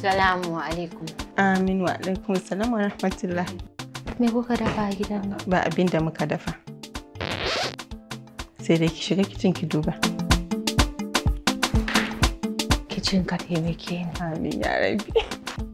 Salamu alaikum. Amin wa alaikum salam wa rahmatullah. Me kuka dafa a gidan nan? Ba abin da muka dafa. Sai dai ki shiga kicin ki duba. Kicin ka taimake ni. Amin ya rabi.